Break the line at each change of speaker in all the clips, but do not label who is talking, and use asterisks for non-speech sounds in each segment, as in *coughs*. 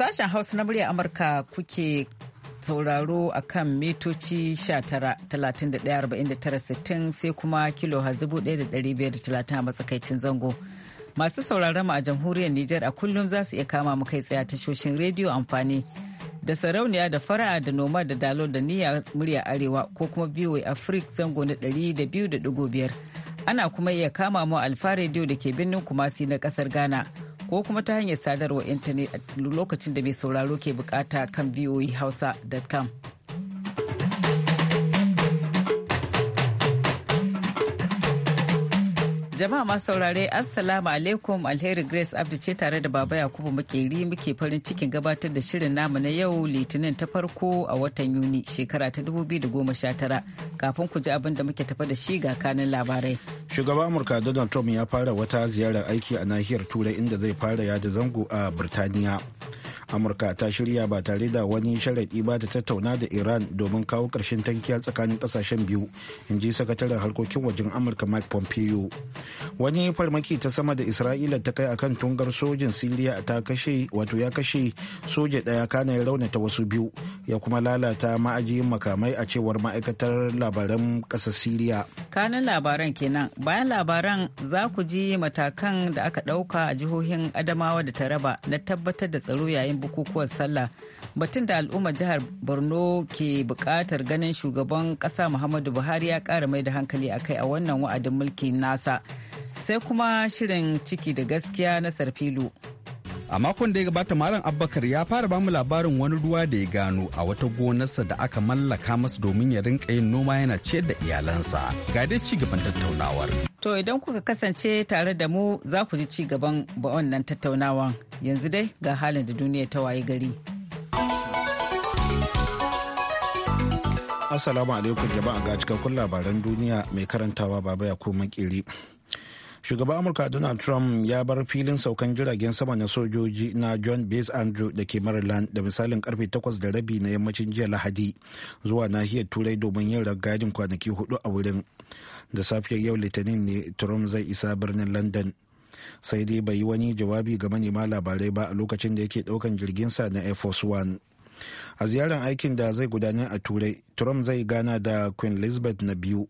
Sashen Hausa na murya Amurka kuke sauraro a kan mitoci 19,31,49,60 sai kuma kilo 1,530 a matsakaicin zango. Masu sauraron mu a jamhuriyar Nijar a kullum za su iya kama mu kai tsaye tashoshin rediyo amfani da sarauniya da fara da noma da dalo da niyya murya arewa ko kuma biyu VOA afrik zango na 200.5 ana kuma iya kama mu alfa rediyo da ke birnin Kumasi na kasar Ghana. ko kuma ta hanyar sadarwa intanet a lokacin da mai sauraro ke bukata kan voahausa.com. Jama'a masu saurare Assalamu alaikum Alheri Grace Abdu ce tare da Baba Yakubu Makeri muke farin cikin gabatar da shirin namu na yau Litinin ta farko a watan Yuni shekara ta 2019 kafin ku ji abin da muke tafa da shi ga kanin labarai.
Shugaban Amurka Donald Trump ya fara wata ziyarar aiki a nahiyar Turai inda zai fara yada zango a Birtaniya. amurka ta shirya ba tare da wani sharaɗi ba ta tattauna da iran domin kawo ƙarshen tankiya tsakanin ƙasashen biyu in ji sakataren harkokin wajen amurka mike pompeo wani farmaki ta sama da isra'ila ta kai akan tungar sojin siriya ta kashe wato ya kashe soja ɗaya kana ya raunata wasu biyu ya kuma lalata ma'ajiyin makamai a cewar ma'aikatar labaran ƙasar siriya
kanan labaran kenan bayan labaran za ku ji matakan da aka ɗauka a jihohin adamawa da taraba na tabbatar da tsaro yayin lokacin bukukuwan sallah batun da al'ummar jihar borno ke buƙatar ganin shugaban ƙasa muhammadu buhari ya ƙara mai da hankali akai a wannan wa'adin mulkin nasa sai kuma shirin ciki da gaskiya na sarfilu a makon da ya gabata malam abubakar ya fara ba mu labarin
wani ruwa da ya gano a wata gonarsa da aka mallaka masa domin ya rinka yin noma yana ciyar da iyalansa ga dai ci gaban tattaunawar
to idan kuka kasance tare da mu za ku ji ci gaban ba wannan tattaunawan yanzu dai ga halin da duniya ta waye gari
Assalamu alaikum jama'a ga cikakkun labaran duniya mai karantawa baba ya koma kiri. shugaban amurka donald trump ya bar filin saukan jiragen sama na sojoji na john bates andrew da ke maryland da misalin karfe 8 da rabi na yammacin jiya lahadi zuwa nahiyar turai domin yin ragajin kwanaki hudu a wurin da safiyar yau litinin ne trump zai isa birnin london sai dai bai yi wani jawabi ga manema labarai ba a lokacin da yake daukan jirginsa na air force one a ziyarar aikin da zai gudanar a turai trump zai gana da queen elizabeth na biyu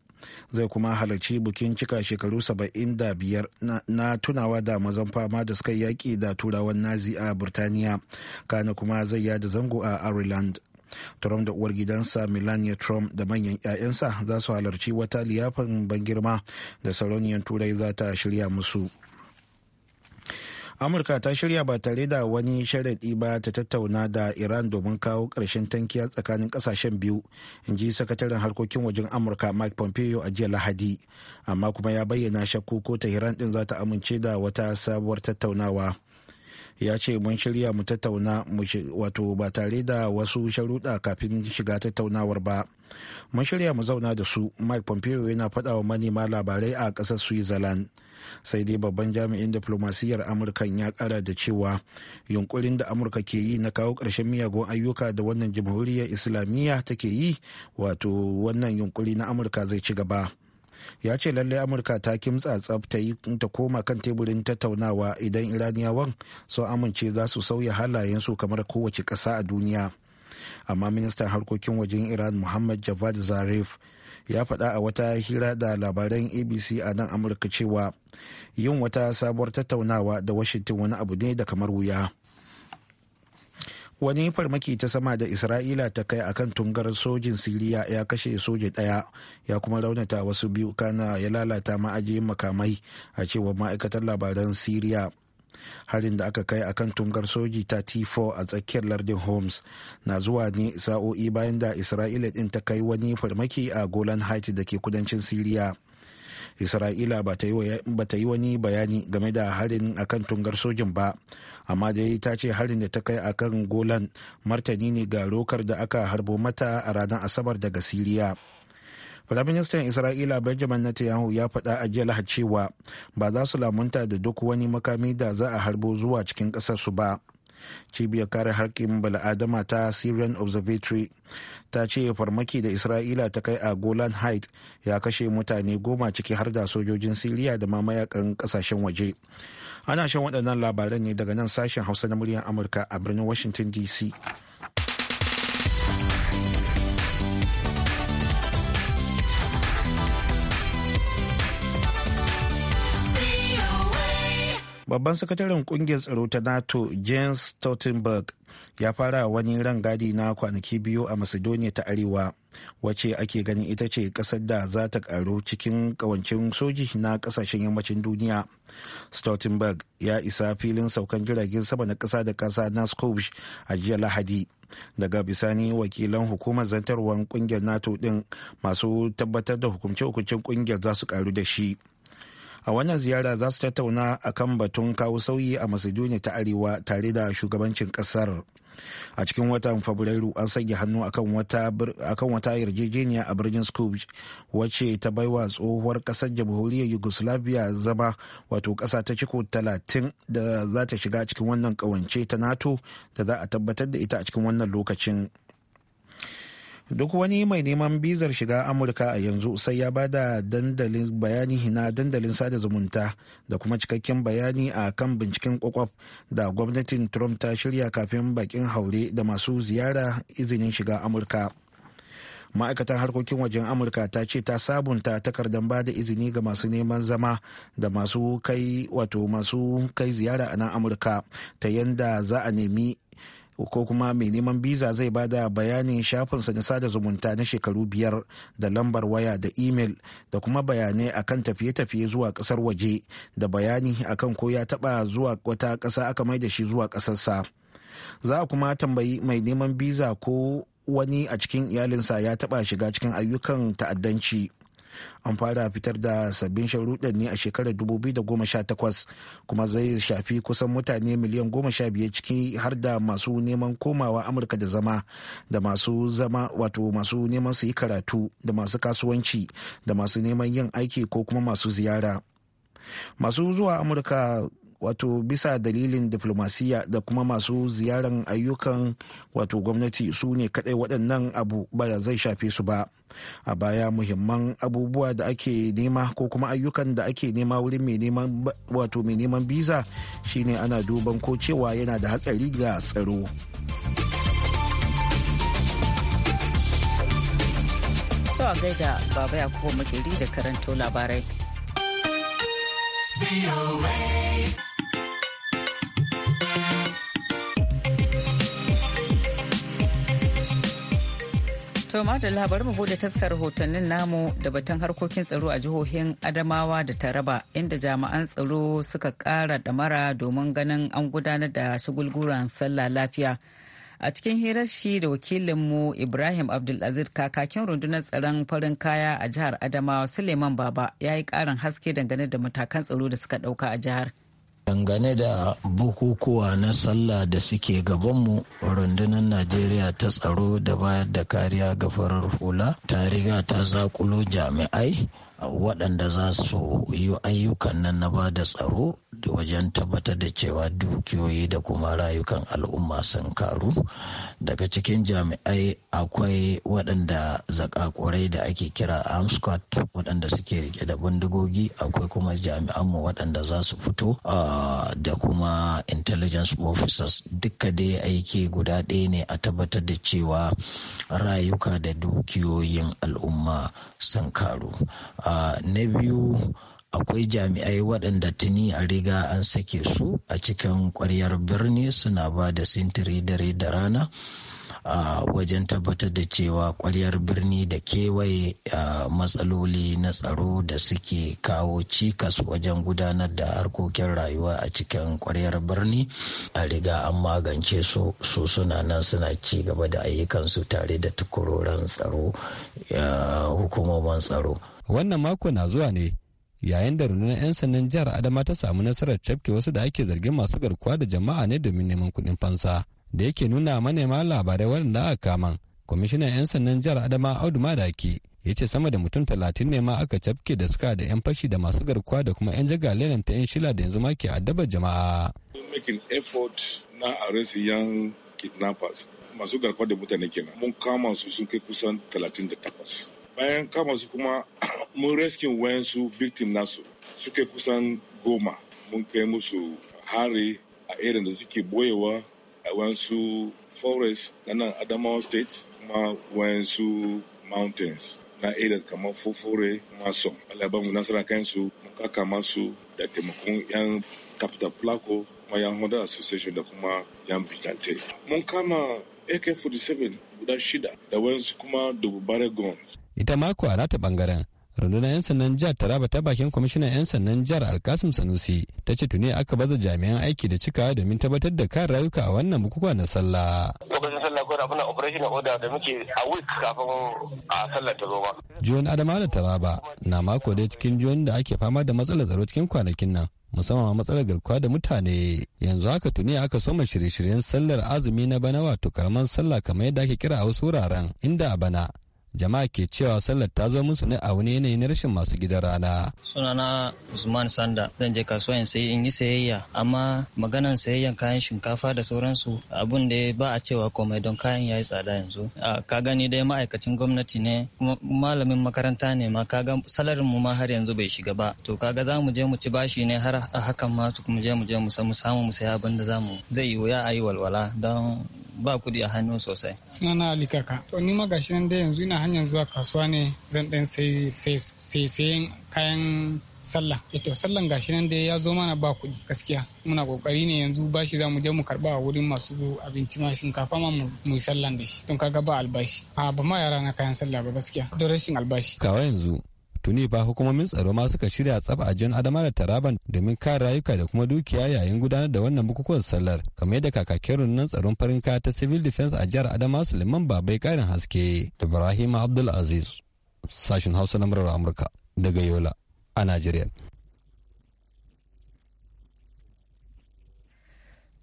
zai kuma halarci bikin cika shekaru 75 na tunawa da mazan fama da suka yaƙi da turawan nazi a burtaniya kana kuma zai yada zango a ireland Trump da uwar gidansa Melania Trump da manyan 'ya'yansa za su halarci wata liyafan ban girma da sarauniyar turai za ta shirya musu. amurka ta shirya ba tare da wani sharaɗi ba ta tattauna da iran domin kawo ƙarshen tankiya tsakanin ƙasashen biyu in ji sakataren harkokin wajen amurka mike pompeo a jiya lahadi amma kuma ya bayyana shakku ko tehran ɗin za ta amince da wata sabuwar tattaunawa ya ce mun shirya mu tattauna wato ba tare da wasu sharuɗa kafin shiga tattaunawar ba mun shirya mu zauna da su mike pompeo yana faɗa manema labarai a ƙasar switzerland sai dai babban jami'in diplomasiyyar amurkan ya kara da cewa yunkurin da amurka ke yi na kawo ƙarshen miyagun ayyuka da wannan jamhuriyar islamiyya take yi wato wannan yunkuri na amurka zai ci gaba ya ce lallai amurka ta kimtsa tsaf ta yi ta koma kan teburin tattaunawa idan iraniyawan sun amince za su sauya su kamar kowace ƙasa a duniya amma ministan harkokin wajen iran muhammad javad zarif ya faɗa a wata hira da labaran abc a nan amurka cewa yin wata sabuwar tattaunawa da washington wani abu ne da kamar wuya wani farmaki ta sama da isra'ila ta kai akan tungar sojin siriya ya kashe soja ɗaya ya kuma raunata wasu biyu kana ya lalata ma'ajiyin makamai a cewar ma'aikatar labaran siriya harin da aka kai akan tungar soji ta t4 a tsakiyar lardin homs na zuwa ne sa'o'i bayan da isra'ila din ta kai wani farmaki a golan haiti da ke kudancin siriya isra'ila ba ta yi wani bayani game da harin akan tungar sojin ba amma dai ta ce harin da ta kai akan golan martani ne ga rokar da aka harbo mata a ranar asabar daga siriya Firaministan Isra'ila Benjamin Netanyahu ya faɗa a jiya Lahad cewa ba za su lamunta da duk wani makami da za a harbo zuwa cikin ƙasarsu ba. Cibiyar kare harkin bala'adama ta Syrian Observatory ta ce farmaki da Isra'ila ta kai a Golan Heights ya kashe mutane goma ciki har da sojojin Siriya da ma mayakan ƙasashen waje. Ana shan waɗannan labaran ne daga nan sashen Hausa na muryar Amurka a birnin Washington DC. babban sakataren kungiyar tsaro ta nato james stoltenberg ya fara wani rangadi na kwanaki biyu a macedonia ta arewa wacce ake ganin ita ce kasar da za ta karu cikin kawancin soji na kasashen yammacin duniya stoltenberg ya isa filin saukan jiragen sama na kasa da kasa na skopje a jiya lahadi daga bisani wakilan hukumar zantarwar kungiyar nato din masu tabbatar da hukumce-hukumcen kungiyar za su karu da shi a wannan ziyara za su tattauna a kan batun kawo sauyi a macedonia ta arewa tare da shugabancin kasar a cikin watan fabrairu an sanya hannu a kan wata yarjejeniya a birnin skopje wacce ta baiwa tsohuwar kasar jamhuriyar yugoslavia zama wato kasa ta ciko 30 da za ta shiga cikin wannan kawance ta nato da za a tabbatar da ita a cikin wannan lokacin duk wani mai neman bizar shiga amurka a yanzu sai ya ba da dandalin bayani na dandalin sada zumunta da kuma cikakken bayani a kan binciken kwakwaf da gwamnatin trump ta shirya kafin bakin haure da masu ziyara izinin shiga amurka ma'aikatan harkokin wajen amurka ta ce ta sabunta takardar ba da izini ga masu neman zama da masu kai wato masu kai ziyara a nan amurka ta yanda za a nemi ko kuma mai neman biza zai bada bayanin shafinsa na sada zumunta na shekaru biyar da lambar waya da imel da kuma bayanai akan tafiye-tafiye zuwa kasar waje da bayani akan ko ya taba zuwa wata kasa aka mai da shi zuwa kasarsa za a kuma tambayi mai neman biza ko wani a cikin iyalinsa ya taba shiga cikin ayyukan ta'addanci an fara fitar da sabbin sharuɗan ne a shekarar 2018 kuma zai shafi kusan mutane miliyan 15 ciki har da masu neman komawa amurka da zama da masu zama wato masu neman su yi karatu da masu kasuwanci da masu neman yin aiki ko kuma masu ziyara masu zuwa amurka wato bisa dalilin diflomasiyya da kuma masu ziyaran ayyukan wato gwamnati su ne kadai waɗannan abu ba zai shafe su ba a baya muhimman abubuwa da ake nema ko kuma ayyukan da ake nema wurin mai neman wato mai neman biza shine ana duban ko cewa yana da hatsari ga tsaro
zuwa gaida baba yakubo makeri da karanto labarai. To da bari mu bude taskar rahotannin namu da batun harkokin tsaro a jihohin Adamawa da Taraba inda jami'an tsaro suka kara damara domin ganin an gudanar da shagulguran sallah lafiya. A cikin hirar shi da wakilinmu Ibrahim Abdulaziz kakakin rundunar tsaron farin kaya a jihar Adamawa Suleiman Baba ya yi karin haske dangane da matakan tsaro da suka ɗauka a jihar.
Dangane da bukukuwa na sallah da suke gabanmu, rundunar Najeriya ta tsaro da bayar da kariya ga farar hula ta riga ta zakulo jami'ai waɗanda za su yi ayyukan nan na ba da tsaro wajen tabbatar da cewa dukiyoyi da kuma rayukan al'umma sun karu daga cikin jami'ai akwai waɗanda zakakurai da ake kira amscot waɗanda suke rike da bindigogi akwai kuma jami'anmu waɗanda za su fito da kuma intelligence officers duka dai aiki guda ɗaya ne a tabbatar da cewa rayuka da dukiyoyin al'umma sun karu na biyu akwai jami'ai waɗanda tuni a riga an sake su a cikin ƙwaryar birni suna ba da sintiri dare da rana a wajen tabbatar da cewa kwaryar birni da kewaye matsaloli na tsaro da suke kawo cikas wajen gudanar da harkokin rayuwa a cikin kwaryar birni a riga an magance su su suna nan suna ci gaba da ayyukansu tare da tukuroren tsaro hukumomin tsaro
wannan mako na zuwa ne yayin da rundunar 'yan sandan jihar adama ta samu nasarar cafke wasu da ake zargin masu garkuwa da jama'a ne domin neman kuɗin fansa da yake nuna manema labarai waɗanda aka kama kwamishinan 'yan sandan jihar adama audu madaki ya ce sama da mutum talatin ne ma aka cafke da suka da 'yan fashi da masu garkuwa da kuma 'yan jagalelan ta 'yan shila da yanzu ma ke addabar
jama'a. making effort na arrest young kidnappers masu garkuwa da mutane kenan mun kama su sun kai kusan 38 bayan kama su kuma *coughs* mun wayan su victim nasu suke kusan goma mun kai musu hari a irin da suke boyewa wasu forest na nan Adamawa State kuma wasu mountains na areas kamar fufure maso alaban mu nasara kansu muka kama su da taimakon 'yan capital placo kuma 'yan Honda Association da kuma 'yan Vitante. Mun kama AK-47 guda shida da wasu kuma dubu bare guns.
Ita mako a rata bangaren rundunar 'yan sannan jihar taraba ta bakin kwamishinan 'yan sannan jihar alkasim sanusi ta ce tuni aka baza jami'an aiki da cika domin tabbatar da kan rayuka a wannan bukukuwa na sallah
lokacin sallah ko muna operation order da muke a week kafin a sallar ta zo ba
jiyon adama da taraba na mako da cikin jiyon da ake fama da matsalar tsaro cikin kwanakin nan musamman matsalar garkuwa da mutane yanzu haka tuni aka soma shirye-shiryen sallar azumi na bana wato karamar sallah kamar yadda ake kira a wasu wuraren inda a bana jama'a ke cewa sallar ta zo musu ne a wani yanayi na rashin masu gidan rana.
sunana usman sanda zan je kasuwa in sai in yi sayayya amma maganan sayayyan kayan shinkafa da sauransu abun da ba a cewa komai don kayan ya yi tsada yanzu
ka gani dai ma'aikacin gwamnati ne malamin makaranta ne ma ka ga salarin mu ma har yanzu bai shiga ba to kaga za mu je mu ci bashi ne har a hakan ma kuma je mu je mu samu mu sayi abin da za mu zai yi wuya a yi walwala don ba kudi a hannu sosai.
Suna na alikaka. To ni ma gashi nan yanzu ina hanyar zuwa kasuwa ne zan ɗan sai sayen kayan sallah eh to sallan gashi nan dai ya zo mana ba kuɗi gaskiya muna kokari ne yanzu bashi za mu je mu karba a wurin masu abinci ma shinkafa ma mu yi sallan da shi don kaga ba albashi a ba ma yara na kayan sallah ba gaskiya don
rashin albashi kawai yanzu tuni ba hukumomin tsaro ma suka shirya tsaf a jin adama da taraban domin kare rayuka da kuma dukiya yayin gudanar da wannan bukukuwan sallar kamar yadda kakakin rundunar tsaron farin kaya ta civil defense a jihar adama suleiman babai karin haske ibrahim abdul aziz sashen hausa na murar amurka daga yola a nigeria.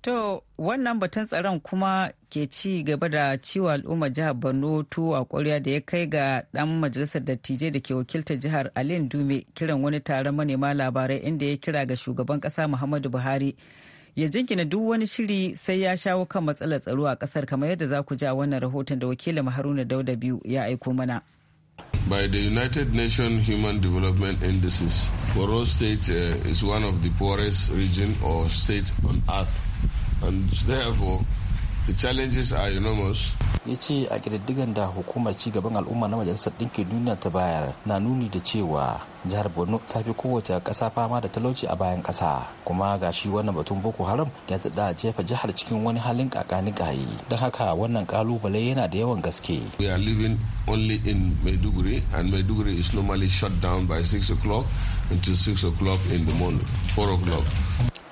To wannan batun tsaron kuma ke ci gaba da ciwo al'ummar jihar Borno tuwo a ƙwarya da ya kai ga ɗan majalisar dattijai da ke wakilta jihar Alin Dume kiran wani taron manema labarai inda ya kira ga shugaban ƙasa Muhammadu Buhari ya jingina duk wani shiri sai ya shawo kan matsalar tsaro a ƙasar kamar yadda za ku ji a wannan rahoton da wakilin Haruna Dauda biyu ya aiko mana.
By the United Nations Human Development Indices, Borno State uh, is one of the poorest region or state on earth. and therefore the challenges are enormous.
ya ce a kididdigan da hukumar ci gaban al'umma na majalisar ɗinkin duniya ta bayar na nuni da cewa jihar borno ta fi kowace kasa fama da talauci a bayan kasa kuma ga shi wannan batun boko haram ya da jefa jihar cikin wani halin kakani gayi don haka wannan kalubale yana da yawan gaske
we are living only in maiduguri and maiduguri is normally shut down by 6 o'clock until 6 o'clock in the morning 4 o'clock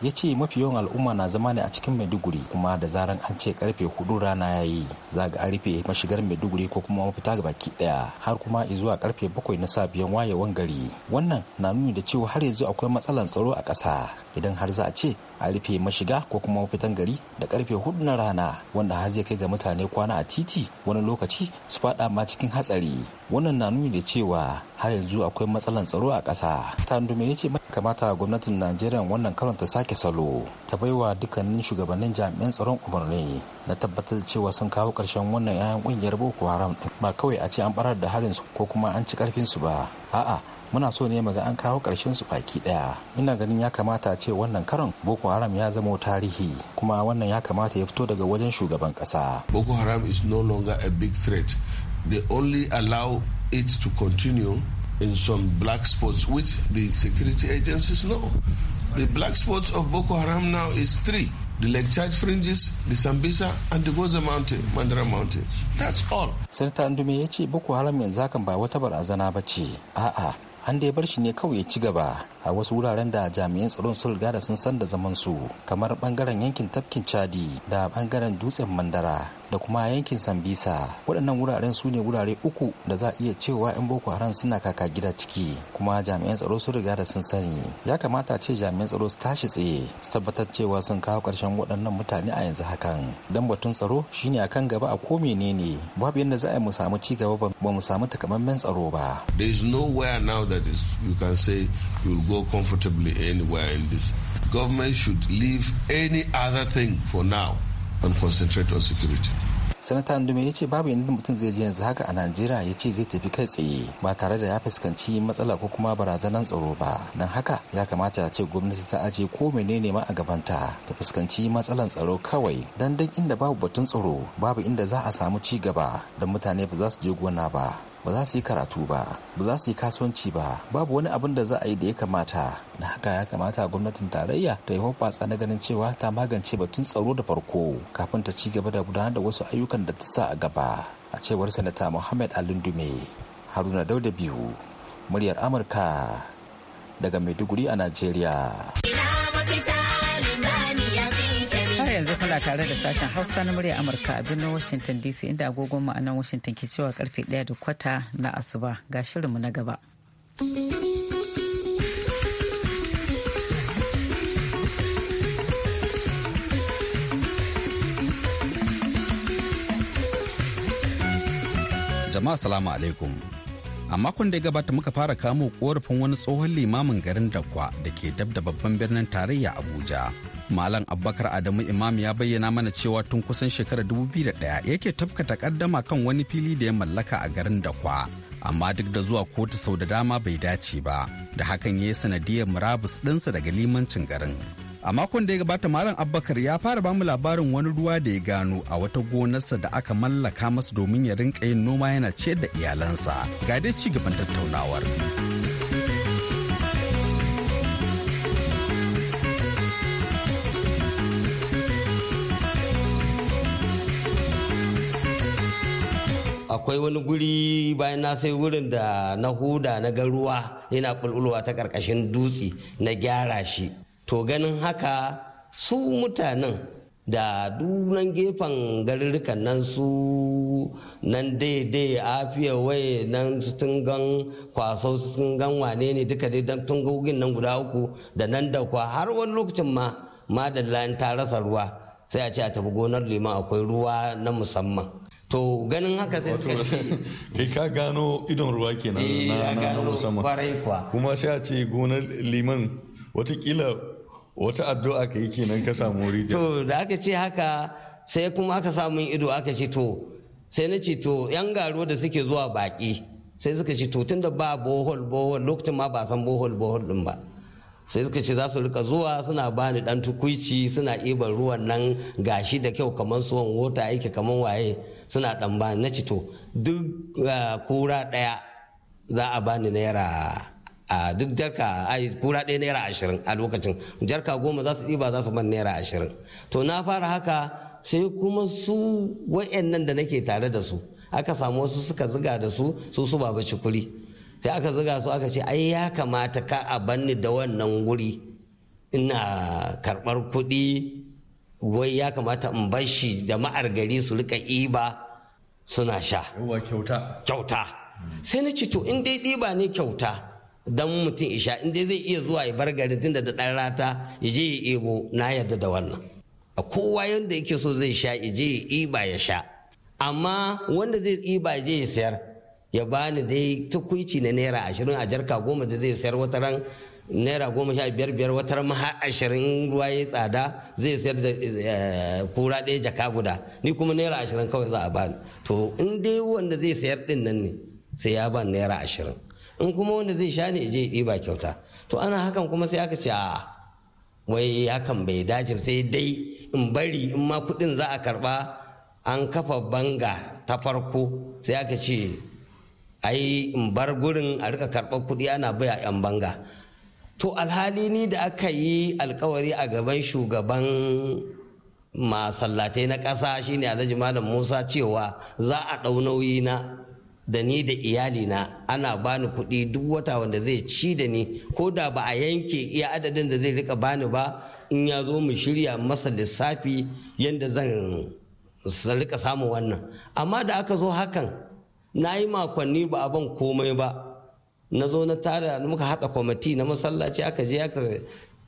ya ce mafi yawan al'umma na zama ne a cikin maiduguri kuma da zaran an ce karfe hudu rana ya yi za ga an rufe mashigar maiduguri ko kuma mafita ga baki daya har kuma zuwa karfe bakwai na sabiyan wayewan gari wannan na nuni da cewa har yanzu akwai matsalar tsaro a ƙasa idan har za a ce a rufe mashiga ko kuma mafitan gari da karfe hudu na rana wanda har zai kai ga mutane kwana a titi wani lokaci su fada ma cikin hatsari wannan na nuni da cewa har yanzu akwai matsalan tsaro a ƙasa tandume ya ce kamata gwamnatin najeriya wannan karon ta sake salo ta baiwa dukkanin shugabannin jami'an tsaron umarni na tabbatar cewa sun kawo ƙarshen wannan 'ya'yan ƙungiyar boko haram ba kawai a ce an barar da harin su ko kuma an ci karfin su ba a'a muna so ne ga an kawo ƙarshen su faki ɗaya ina ganin ya kamata a ce wannan karon boko haram ya zama tarihi kuma wannan ya kamata ya fito daga wajen shugaban ƙasa
boko haram is no longer a big threat they only allow it to continue in some black spots, which the security agencies know. The black spots of Boko Haram now is three the Lake Chad fringes, the Sambisa, and the Goza Mountain, Mandara Mountain. That's all.
Sanata Andume ya ce Boko Haram yanzu hakan ba wata barazana ba ce. A'a, an da bar shi ne kawai ya ci gaba a wasu wuraren da jami'an tsaron sun riga sun san da zaman su kamar bangaren yankin tafkin Chadi da bangaren dutsen Mandara. da kuma yankin sambisa waɗannan wuraren su ne wurare uku da za a iya cewa 'yan boko haram suna kaka gida ciki kuma jami'an tsaro sun riga da sun sani ya kamata ce jami'an tsaro su tashi tsaye su tabbatar cewa sun kawo ƙarshen waɗannan mutane a yanzu hakan dan batun tsaro shine akan gaba a ko menene babu yadda za a yi mu samu ci gaba ba mu samu takamaiman tsaro ba
there is nowhere now that is you can say you will go comfortably anywhere in this government should leave any other thing for now and concentrate on security.
sanata ndume ya ce babu yadda mutum zai je yanzu haka a najeriya ya ce zai tafi kai tsaye ba tare da ya fuskanci matsala ko kuma barazanar tsaro ba don haka ya kamata ya ce gwamnati ta aje ko menene ma a gabanta ta fuskanci matsalar tsaro kawai don inda babu batun tsaro babu inda za a samu ci gaba don mutane ba za su je gona ba ba za su yi karatu ba ba za su yi kasuwanci ba babu wani abin da za a yi da ya kamata na haka ya kamata gwamnatin tarayya ta yi hoɓɓatsa na ganin cewa ta magance batun tsaro da farko kafin ta ci gaba da gudanar da wasu ayyukan da ta sa a gaba a cewar sanata muhammad alindume haruna dauda biyu muryar amurka daga maiduguri a najeriya
kuna tare da sashen Hausa na murya Amurka a birnin Washington DC inda agogon mu a nan Washington ke cewa karfe daya da kwata na asuba ga shirinmu na gaba.
Jama'a salamu alaikum. a makon da ya gabata muka fara kamo korafin wani tsohon limamin garin dakwa da ke dab da babban birnin tarayya abuja malam abubakar adamu imam ya bayyana mana cewa tun kusan shekarar 2001 yake tafka takaddama kan wani fili da ya mallaka a garin dakwa amma duk da zuwa kotu sau da dama bai dace ba da hakan ya yi sanadiyar murabus ɗinsa daga limancin garin a makon da ya gabata malam abbakar ya fara bamu labarin wani ruwa da ya gano a wata gonarsa da aka mallaka masa domin ya rinka yin noma yana ciyar da iyalansa ga dai ci gaban tattaunawar
akwai wani guri bayan na sai wurin da na huda na ga ruwa yana bulbulwa ta ƙarƙashin dutse na gyara shi to ganin haka su mutanen da dunan gefen garurrukan nan su nan daidai afiya waye nan sun gan kwaso sun gan wane ne duka dai don tungogin nan guda uku da nan da kwa har wani lokacin ma ma da ta rasa ruwa sai a ce a tafi gonar liman akwai ruwa na musamman
to ganin haka sai suka ce *laughs* kai ka gano idon ruwa kenan eh, na musamman kuma sai a ce gonar liman watakila wata addu'a ka yi kenan ka samu rijiya
to da aka ce haka sai kuma aka samu ido aka ce to sai na ce to yan garo da suke zuwa baki sai suka ce to tunda ba bohol bohol lokacin ma ba san bohol bohol din ba sai suka ce za su rika zuwa suna bani dan tukuici suna ibar ruwan nan gashi da kyau kamar suwan wota yake kamar waye suna dan bani na ce to duk ah, kura daya za a bani naira a duk jarka kura ɗaya naira ashirin a lokacin jarka goma za su ɗiba za su man naira ashirin to na fara haka sai kuma su wa'annan da nake tare da su aka samu wasu suka ziga da su su su bace kuri sai aka ziga su aka ce ai ya kamata ka a banni da wannan wuri ina karɓar kuɗi wai ya kamata in bar shi jama'ar gari su rika iba suna sha kyauta hmm. sai na ce to in dai ɗiba ne kyauta dan mutum isha in dai zai iya zuwa ya bar gari tunda da dan rata ya je ya ebo na yadda da wannan a kowa yanda yake so zai sha ya je ya iba ya sha amma wanda zai iba ya je ya sayar ya bani dai tukuici na naira ashirin a jarka goma da zai sayar wata ran naira goma sha biyar biyar wata ran ma ashirin ruwa ya tsada zai sayar da eh, kura ɗaya jaka guda ni kuma naira ashirin kawai za a bani to in dai wanda zai sayar din nan ne sai ya bani naira ashirin in kuma wanda zai sha ne je ɗiba kyauta to ana hakan kuma sai aka ce a wai hakan bai dace sai dai in bari in ma kuɗin za a karɓa an kafa banga ta farko sai aka ce ai in bar gurin a rika karɓar kuɗi ana baya 'yan banga to alhali ni da aka yi alkawari a gaban shugaban masallatai na ƙasa shine alhaji malam musa cewa za a ɗau nauyi na da ni da iyalina ana bani kuɗi duk wata wanda zai ci da ni ko da ba a yanke iya adadin da zai rika bani ba in ya zo mu shirya masa lissafi yadda zan rika samun wannan amma da aka zo hakan na yi makonni ba a ban komai ba na zo na tara muka haɗa kwamiti na masallaci aka je aka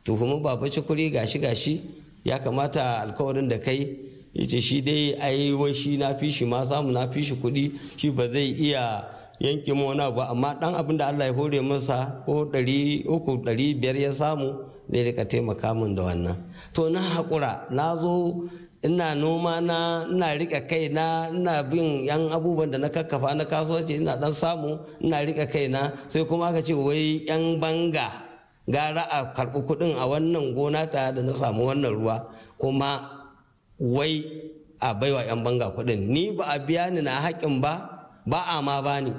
tuhumi baba cikuri gashi gashi ya kamata alkawarin da kai ya shi dai ai wai shi na fi shi ma samu na fi shi kuɗi shi ba zai iya yanke mona ba amma dan abin da Allah ya hore masa ko ɗari uku ɗari biyar ya samu zai rika taimaka min da wannan to na haƙura na zo ina noma na ina rika kaina ina bin yan abubuwan da na kakkafa na kasuwanci ina dan samu ina rika kaina sai kuma aka ce wai yan banga gara a karɓi kuɗin a wannan gona ta da na samu wannan ruwa kuma wai a baiwa 'yan banga kuɗin ni ba a biya ni na haƙin ba ba a ma bani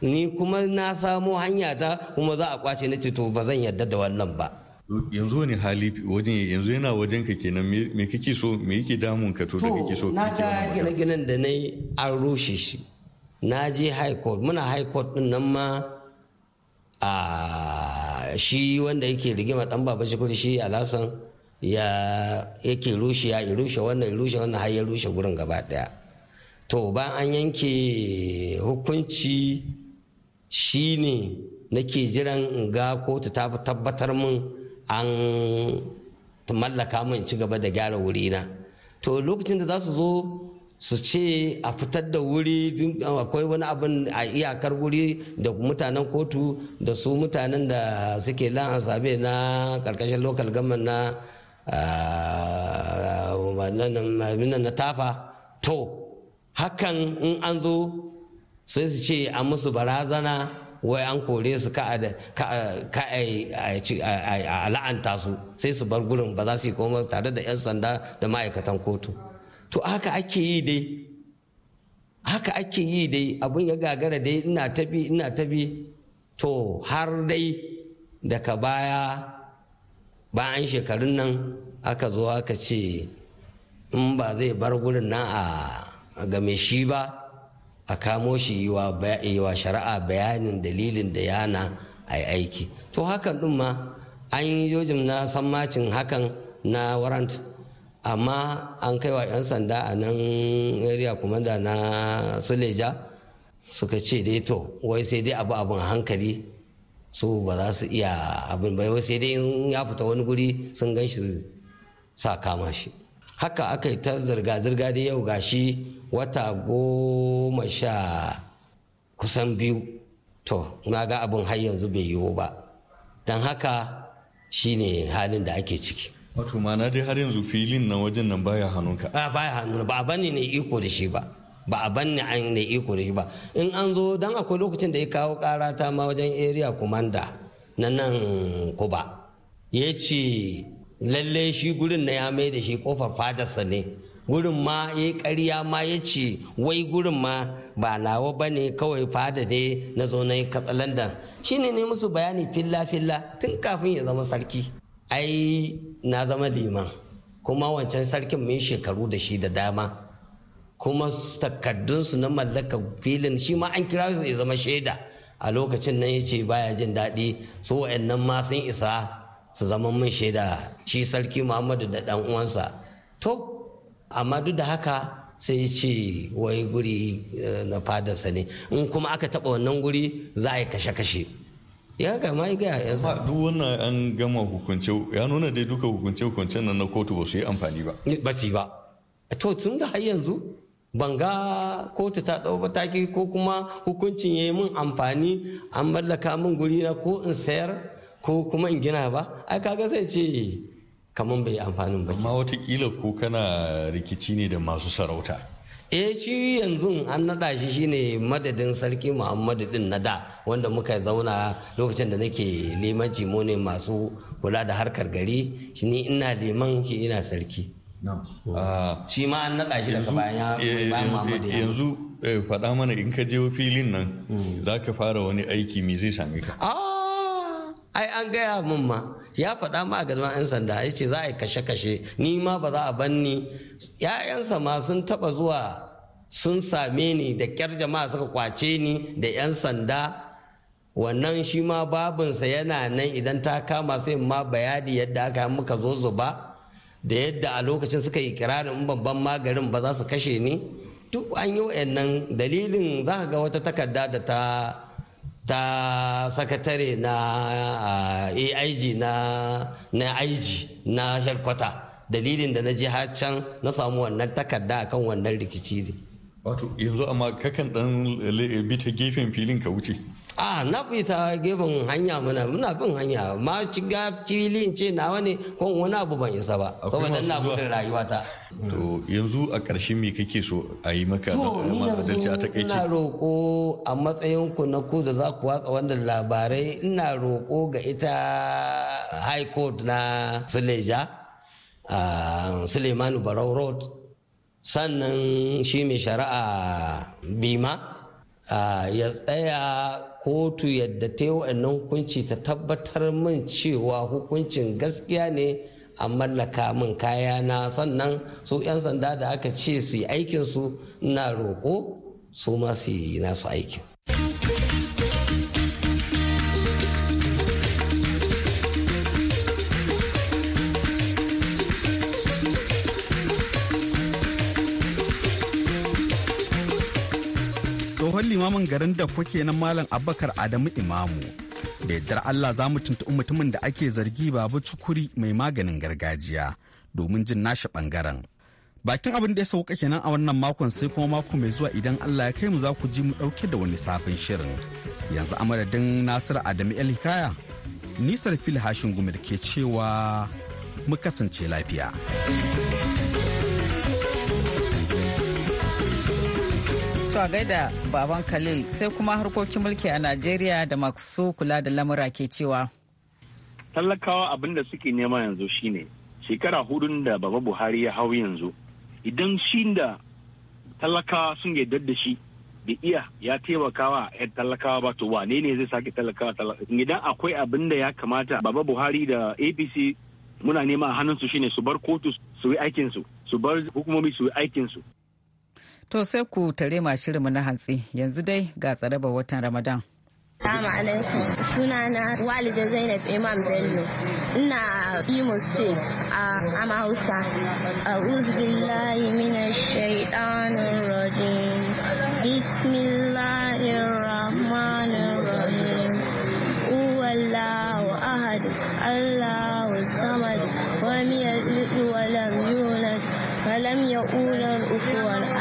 ni kuma na samo hanya ta kuma za a kwace na to ba zan yarda da wannan ba
yanzu wani hali wajen yanzu yana wajen ka kenan me kake so me yake damun ka to da kake so na
ga gine-ginen da na yi
an rushe shi
na je high court muna high court din nan ma a shi wanda yake rigima dan baba shi shi alasan ya yake rushe ya rushe wannan ya rushe wannan har ya rushe gurin gaba daya to ba an yanke hukunci shine nake jiran in ga kotu ta tabbatar min an mallaka min ci gaba da gyara wuri na to lokacin da za su zo su ce a fitar da wuri akwai wani abin a iyakar wuri da mutanen kotu da su mutanen da suke lan asabe na karkashin lokal gama na nan ah, na ah, tafa ah, to hakan in an zo sai su ce a musu barazana wai an kore su ka a la'anta su sai su bar gurin ba za su yi koma tare da 'yan sanda da ma'aikatan kotu to haka ake yi dai haka ake yi dai abin ya gagara dai ina tabi ina tabi to har dai daga baya bayan shekarun nan aka zo aka ce in ba zai bar gurin na a game shi ba a kamo shi yi wa shari'a bayanin dalilin da yana a yi aiki to hakan ɗin ma an yi jojin na sammacin hakan na warrant amma an kai wa 'yan sanda a nan area da na suleja suka ce dai to wai sai dai abu abin hankali su ba za su iya abin bai sai dai in ya fita wani guri sun gan shi sa kama shi haka aka yi ta zirga-zirga da yau gashi wata goma sha kusan biyu to na ga abin har yanzu bai yiwu ba don haka shi ne halin da
ake ciki wato ma'ana dai har yanzu filin na wajen nan baya hannunka ba ya hannun ba a bani ne iko da shi ba ba a
banne an ne iko da shi ba in an zo dan akwai lokacin da ya kawo kara ta ma wajen area commander na nan kuba ya ce lalle shi gurin na ya mai da shi kofar fadarsa ne gurin ma ya yi karya ma ya ce wai gurin ma ba nawa ba ne kawai fada ne na zo na yi katsalandan shi ne ne musu bayani filla-filla tun kafin ya zama sarki ai na zama liman kuma wancan sarkin mun shekaru da shi da dama kuma takardunsu na mallaka filin shi ma an kira su ya zama shaida a lokacin nan ya ce baya jin daɗi su wa'annan ma sun isa su zama mun shaida shi sarki muhammadu da ɗan uwansa to amma duk da haka sai ya ce wai guri eh, na fadarsa ne in kuma aka taɓa wannan guri za a yi kashe-kashe
ya gama ya gaya yansa duk wannan an gama hukunce ya nuna dai duka hukunce hukuncen nan na kotu ba su yi amfani ba ba ba
to tun da har yanzu ban ga kotu ta ɗau mataki ko kuma hukuncin ya yi min amfani an mallaka min guri na ko in sayar ko kuma in gina ba ai kaga zai ce
kamar bai amfanin ba amma watakila ko kana rikici ne da masu sarauta eh
shi yanzu an naɗa shi shine madadin sarki muhammadu din na da wanda muka zauna lokacin da nake limanci mu ne masu kula da harkar gari shi ina liman shi
ina sarki Ah, ah, shi ma an naɗa shi daga bayan bayan Muhammadu yanzu eh, eh, eh, faɗa mana in ka je filin nan hmm. za ka fara wani aiki me zai same ka ah, ai an gaya min ma ya faɗa ma a gaban 'yan sanda ya ce za a yi kashe-kashe
ni ma ba za a banni 'ya'yansa ma sun taɓa zuwa sun same ni da kyar jama'a suka kwace ni da 'yan sanda wannan shi ma babinsa yana nan idan ta kama sai ma bayani yadda aka muka zo zuba da yadda a lokacin suka yi kirarin babban magarin ba za su kashe ni duk an yi nan dalilin za ka ga wata takarda da ta ta sakatare na aig na na aig na herkwata dalilin da na je har can na samu wannan takarda akan wannan rikici ne
wato yanzu amma kakan dan bi ta gefen filin ka wuce
a ah, na fita gefen hanya muna muna bin hanya ma shiga filin ce nawa ne ko wani abu ban isa ba saboda ina
gudun rayuwata to yanzu a ƙarshen me kake so a yi maka adalci a takaice ina
roko a matsayin ku na ku da za ku watsa wannan labarai ina roko ga ita high court na Suleja a Suleimanu Barau Road sannan shi mai shari'a Bima ya tsaya kotu yadda ta yi wa'annan hukunci ta tabbatar min cewa hukuncin gaskiya ne a mallaka min kaya na sannan su 'yan sanda da aka ce su yi aikinsu na roƙo su ma yi nasu aikin.
babban limamin garin da kuke nan malam abakar adamu imamu da yardar allah za mu tuntuɓi mutumin da ake zargi babu cukuri mai maganin gargajiya domin jin nashi ɓangaren bakin abin da ya sauka kenan a wannan makon sai kuma mako mai zuwa idan Allah ya kai mu za ku ji mu ɗauke da wani sabon shirin yanzu a madadin Nasiru Adamu El Hikaya nisar fil hashin gumil ke cewa mu kasance lafiya.
to a gaida baban Khalil sai kuma harkokin mulki a Najeriya da masu kula da lamura ke cewa.
tallakawa abin da suke nema yanzu shine shekara hudun da baba Buhari ya hau yanzu idan shi da talakawa sun yarda da shi da iya ya taimaka wa yan talakawa ba to wane ne zai sake talakawa idan akwai abin da ya kamata baba Buhari da APC muna nema hannunsu shine su bar kotu su yi aikinsu su bar hukumomi su yi
aikinsu
To sai ku tare ma shirinmu na hantsi yanzu dai ga tsaraba watan Ramadan.
Salamu alaikum. Sunana Walida Zainab Imam Bello. Ina Imo State a Ama Hausa. A'udhu billahi minash shaitanir rajim. Bismillahir ahad. Allahu samad. Wa lam yalid wa lam yulad. Wa lam ukuwar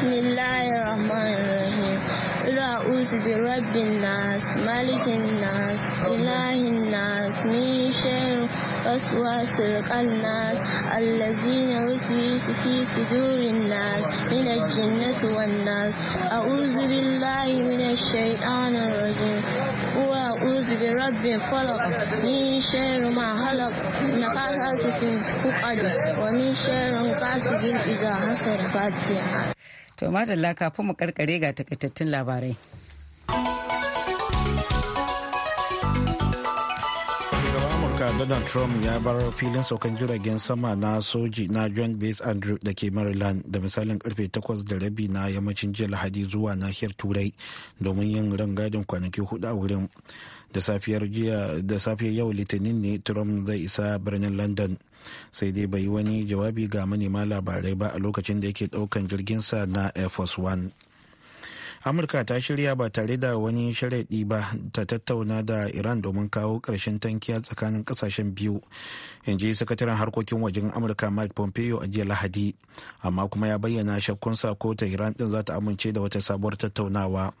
بسم الله الرحمن الرحيم قل أعوذ برب الناس ملك الناس إله الناس من شر وسواس الناس الذين يوسوس في صدور الناس من الجنة والناس أعوذ بالله من الشيطان الرجيم وأعوذ برب الفلق من شر ما خلق من في الفقد ومن شر قاسد إذا حسد فاتحة
To madalla kafin mu karkare ga takaitattun labarai.
Amurka Donald Trump ya bar filin saukan jiragen sama na soji na John Base Andrew da ke Maryland da misalin karfe 8 da rabi na yammacin jiya Lahadi zuwa nahiyar Turai domin yin rangadin kwanaki hudu a wurin. Da safiyar da safiyar yau Litinin ne Trump zai isa birnin London. sai dai bai wani jawabi ga manema labarai ba a lokacin da yake daukan jirginsa na air force one amurka ta shirya ba tare da wani sharaɗi ba ta tattauna da iran domin kawo ƙarshen tankiya tsakanin ƙasashen biyu in ji sakataren harkokin wajen amurka mike pompeo a jiya lahadi amma kuma ya bayyana shakkunsa ko ta iran ɗin za ta amince da wata sabuwar tattaunawa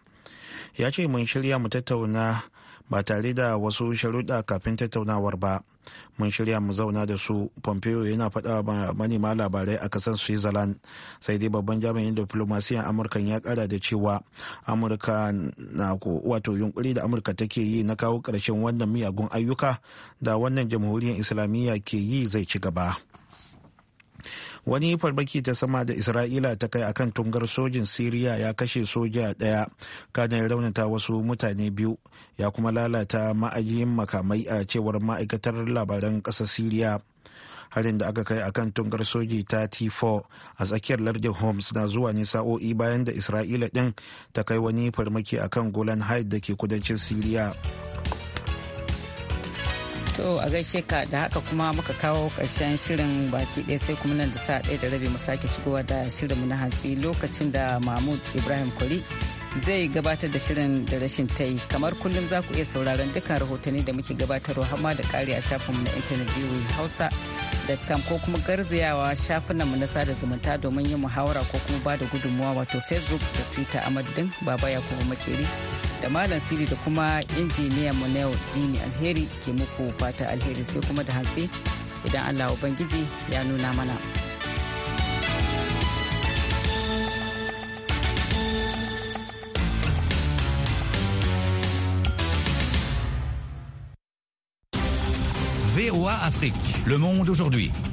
ya ce mun shirya mu tattauna ba tare da wasu sharuɗa kafin tattaunawar ba mun shirya mu zauna da su pompeo yana faɗa manema labarai a kasar switzerland sai dai babban jami'in diplomasiyan amurka ya kara da cewa amurka na wato yunkuri da amurka take yi na kawo ƙarshen wannan miyagun ayyuka da wannan jamhuriyar islamiyya ke yi zai ci gaba wani farmaki ta sama da isra'ila ta kai akan tungar sojin siriya ya kashe soja ɗaya kana ya raunata wasu mutane biyu ya kuma lalata ma'ajiyin makamai a cewar ma'aikatar labaran ƙasar siriya harin da aka kai akan tungar soji ta t a tsakiyar lardin homs na zuwa ne sa'o'i bayan da isra'ila din ta kai wani farmaki akan golan haid da ke kudancin siriya
To a gaishe ka da haka kuma muka kawo karshen shirin baki ɗaya sai kuma nan da sa ɗaya da rabi mu sake shigowa da shirinmu na hantsi lokacin da Mahmud Ibrahim kuri zai gabatar da shirin da rashin ta yi kamar kullum za ku iya sauraron dukkan rahotanni da muke gabatarwa ma da ƙari a shafinmu na intanet biyu hausa facebook.com ko kuma garzayawa shafinanmu na sada zumunta domin yin muhawara ko kuma ba da gudunmuwa wato facebook da twitter a madadin baba yakubu makeri da malam siri da kuma injiniya mu jini alheri ke muku fata alheri sai kuma da hantsi idan allah ubangiji ya nuna mana.
VOA Afrique. Le monde aujourd'hui.